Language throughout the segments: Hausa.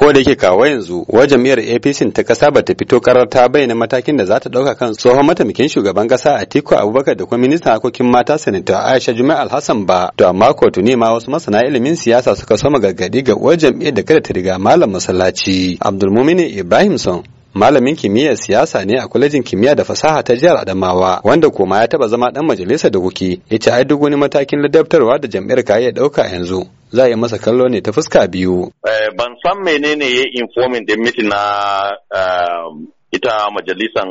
ko da yake kawo yanzu wa jam'iyyar apc ta kasa bata fito karar ta bayyana matakin da za ta dauka kan tsohon mataimakin shugaban kasa atiku abubakar da kuma ministan harkokin mata sanata aisha juma'a alhassan ba to amma kotu ne ma wasu masana ilimin siyasa suka soma gargadi ga uwar jam'iyyar da kada ta riga malam masallaci abdulmumini ibrahim son malamin kimiyyar siyasa ne a kwalejin kimiyya da fasaha ta jihar adamawa wanda kuma ya taba zama dan majalisar da kuki. ya ce ai duk wani matakin ladabtarwa da jam'iyyar ka iya dauka yanzu za a yi masa kallo ne ta fuska biyu. Eh, ban san menene ya informin din miti na eh, ita majalisan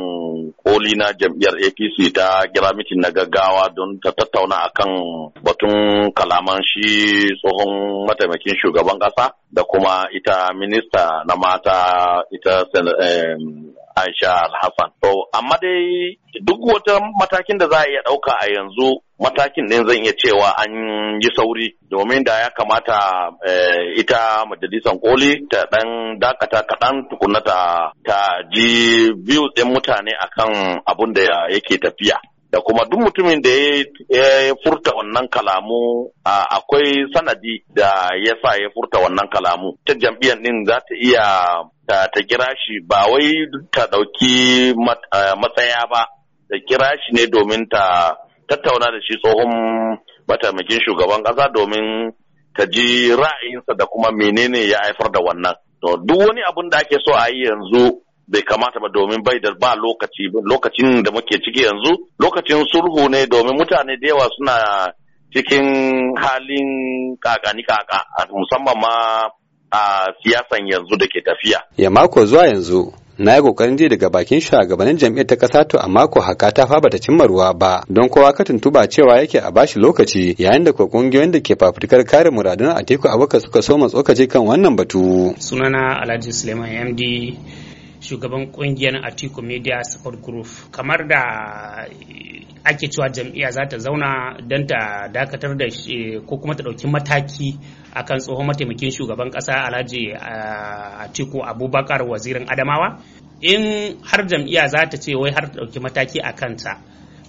koli na jam'iyyar APC ta gira mitin na gaggawa don ta tattauna a kan batun kalaman shi tsohon mataimakin shugaban ƙasa, da kuma ita minista na mata ita eh, Aisha Alhassan. To amma dai duk wata matakin da za a iya ɗauka a yanzu matakin ɗin zan iya cewa an yi sauri domin da ya kamata eh, ita majalisar koli ta ɗan dakata kaɗan tukuna ta, ta ji biyu ɗin mutane akan abun da yake tafiya. Da kuma duk mutumin da ya furta wannan kalamu akwai sanadi da ya sa ya furta wannan kalamu. Ta jam'iyyar ɗin za ta iya ta kira shi ba wai ta ɗauki matsaya ba Ta kira shi ne domin ta tattauna da shi tsohon mataimakin shugaban ƙasa domin ta ji ra'ayinsa da kuma menene ya haifar da wannan. To duk wani abin da ake so a yi yanzu bai kamata ba domin bai da ba lokaci lokacin da muke ciki yanzu lokacin sulhu ne domin mutane da yawa suna cikin halin kakani kaka musamman ma a siyasan yanzu da ke tafiya. Ya mako zuwa yanzu na yi kokarin ji daga bakin shugabannin jam'iyyar ta ƙasa to a mako haka ta fa bata cimma ruwa ba don kowa ka tuntuba cewa yake a bashi lokaci yayin da ko kungiyoyin da ke fafutukar kare muradun a teku abubakar suka so tsokaci kan wannan batu sunana alhaji suleiman md shugaban kungiyar Atiku Media Support Group kamar da eh, ake cewa jam'iyya za ta zauna don ta dakatar da eh, ko kuma ta ɗauki mataki akan tsohon mataimakin shugaban ƙasa Alhaji eh, Atiku Abubakar wazirin Adamawa in har jam'iyya za ta ce wai har ta ɗauki mataki a kanta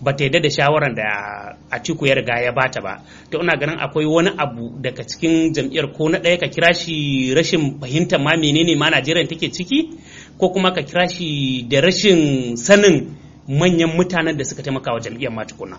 ba ta yadda da shawaran da Atiku ya riga ya bata ba to ina ganin akwai wani abu daga cikin jam'iyyar ko na ɗaya ka kira shi rashin fahimtar ma menene ma Najeriya take ciki ko kuma ka kira shi da rashin sanin manyan mutanen da suka taimaka wa jam'iyyar ma tukuna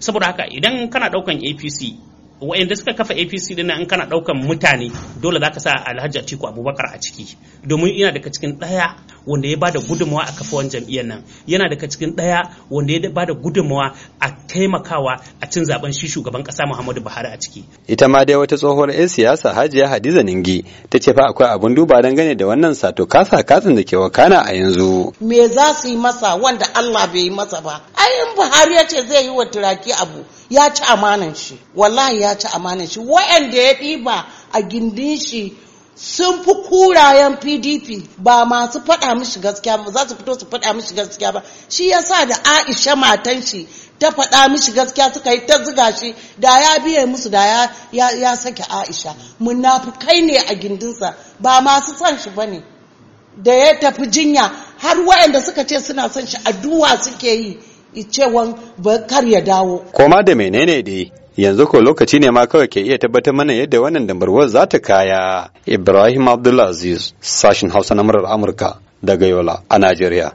saboda haka idan kana ɗaukan APC wa'inda suka kafa apc dinnan in kana ɗaukan mutane dole za ka sa alhaji atiku abubakar a ciki domin ina daga cikin ɗaya. wanda ya bada gudunmawa a kafawan jam'iyyar nan yana daga cikin ɗaya wanda ya bada gudunmawa a taimakawa a cin zaben shi shugaban kasa Muhammadu Buhari a ciki ita ma dai wata tsohuwar 'yan siyasa Hajiya Hadiza Ningi ta ce fa akwai abun duba don gane da wannan sato kasa katsin da ke wakana a yanzu me za su yi masa wanda Allah bai yi masa ba ayin Buhari ya ce zai yi wa turaki abu ya ci amanan shi wallahi ya ci amanan shi wa'anda ya ɗiba a gindin shi sun fi kurayen pdp ba masu faɗa mishi gaskiya ba za su fito su faɗa mishi gaskiya ba shi ya sa da aisha matan shi ta faɗa mishi gaskiya suka yi ta ziga shi da ya biya musu da ya, sake aisha munafukai ne a gindinsa ba masu son shi ba ne da ya tafi jinya har waɗanda suka ce suna son shi addu'a suke yi cewan bakar ya dawo koma da menene dai yanzu ko lokaci ne ma kawai ke iya tabbatar mana yadda wannan dambarwar za ta kaya ibrahim Aziz, sashin hausa na murar amurka daga yola a najeriya